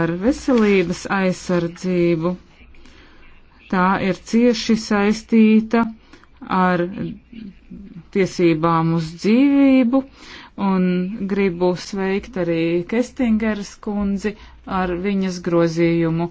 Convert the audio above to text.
ar veselības aizsardzību. Tā ir cieši saistīta ar tiesībām uz dzīvību, un gribu sveikt arī Kestingeras kundzi ar viņas grozījumu.